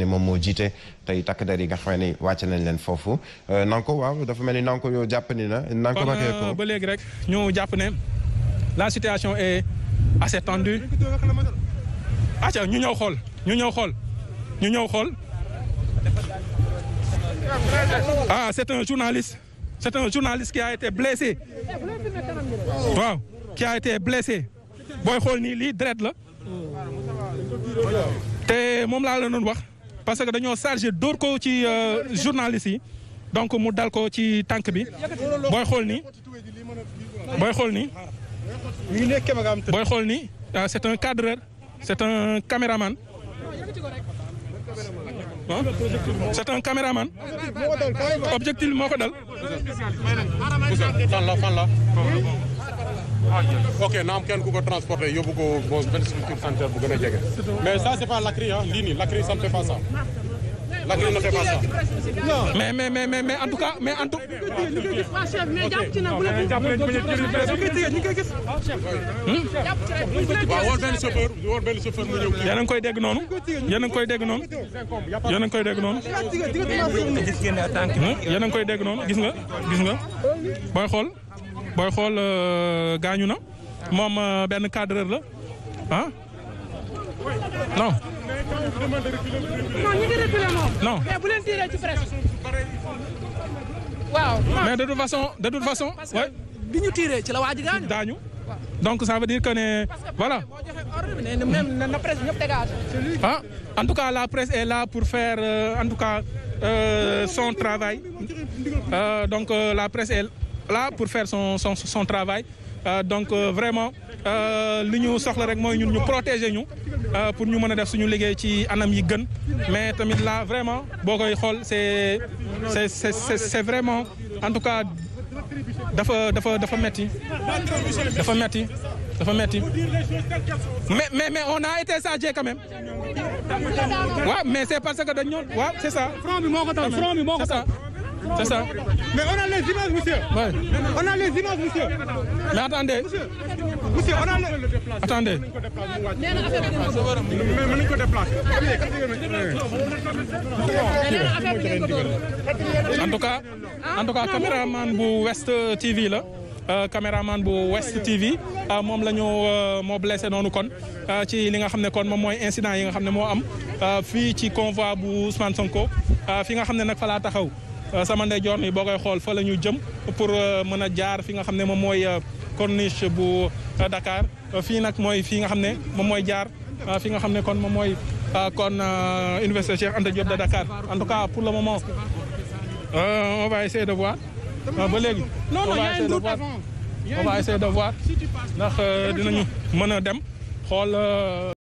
ni moom moo jiite tey takk der yi nga xam ne wàcc nañ leen foofu euh, Nanko waaw dafa mel ni Nanko yow jàpp ni na Nanko Bakayoko euh, ba léegi rek ñu jàpp ne la situation est assez tendue ñu ñëw xool ñu ñëw xool ñu ñëw xool ah c'est un journaliste c'est un journaliste qui a été blessé waaw qui a été blessé booy xool nii lii dret la te moom laa la doon wax parce que dañoo chargé dóor ko ci euh, journaliste yi donc mu dal ko ci tànk bi booy xool ni booy xool ni booy xool ni ah, c'est un cadreur c'est un caméraman ah c'est un objectif moo ko dal. ok na am kenn ku ko transporté yóbbu ko benn structure sanitaire bu gën a jege. mais ça c'est pas l'acri lii nii l'acri ça ne fait pas ça. l'acri ne fait pas mais mais mais mais en tout cas mais en tout. waaw woo benn chauffeur woo benn chauffeur mu ñëw. yéen a koy dégg noonu. yéen a ngi koy dégg noonu. yéen hmm? koy dégg noonu. gis nga gis nga booy xool. booy xool euh, gaañu na moom euh, benn cadreur la ah non. non ñu ngi non bu leen tiiree ci presse. waaw. mais de toute façon de toute parce que bi ñu tiiree ci la waa ji gaañu. daañu donc ça veut dire que ne voilà. ah en tout cas la presse est là pour faire euh, en tout cas son travail donc la presse est. là pour faire son son son euh, donc euh, vraiment euh, li ñu soxla rek mooy ñun ñu protéger ñu pour ñu mën a def suñu liggéey ci anam yi gën mais tamit là vraiment boo koy xool c'est c'est vraiment en tout cas dafa dafa dafa metti dafa metti dafa metti mais mais on a été sagé quand même. waaw mais c'est parce que dañ waaw c'est ça. moo ko tax bi moo C'est ça. Mais on a les images, monsieur. a les Mais attendez. Monsieur, monsieur on a les... Attendez. En tout cas, tout cas caméraman bu West TV la. Euh, caméraman bu West TV euh, moom la ñu euh, moo noonu kon ci li nga xam ne kon moom mooy insident yi nga xam ne moo am fii ci convoi bu Ousmane Sonko fi nga xam ne nag fa taxaw. Euh, sama ndeyjoor ni boo koy xool fa la ñu jëm pour euh, mën a jaar fi nga xam ne moom mooy euh, corniche bu Dakar fii nag mooy fii nga xam ne moom mooy jaar fi nga xam ne kon moom mooy kon Université Cheikh Anta Diop de Dakar en tout cas pour le moment on va essayer de voir ba léegi on va essayer de voir on va essayer dinañu mën a dem xool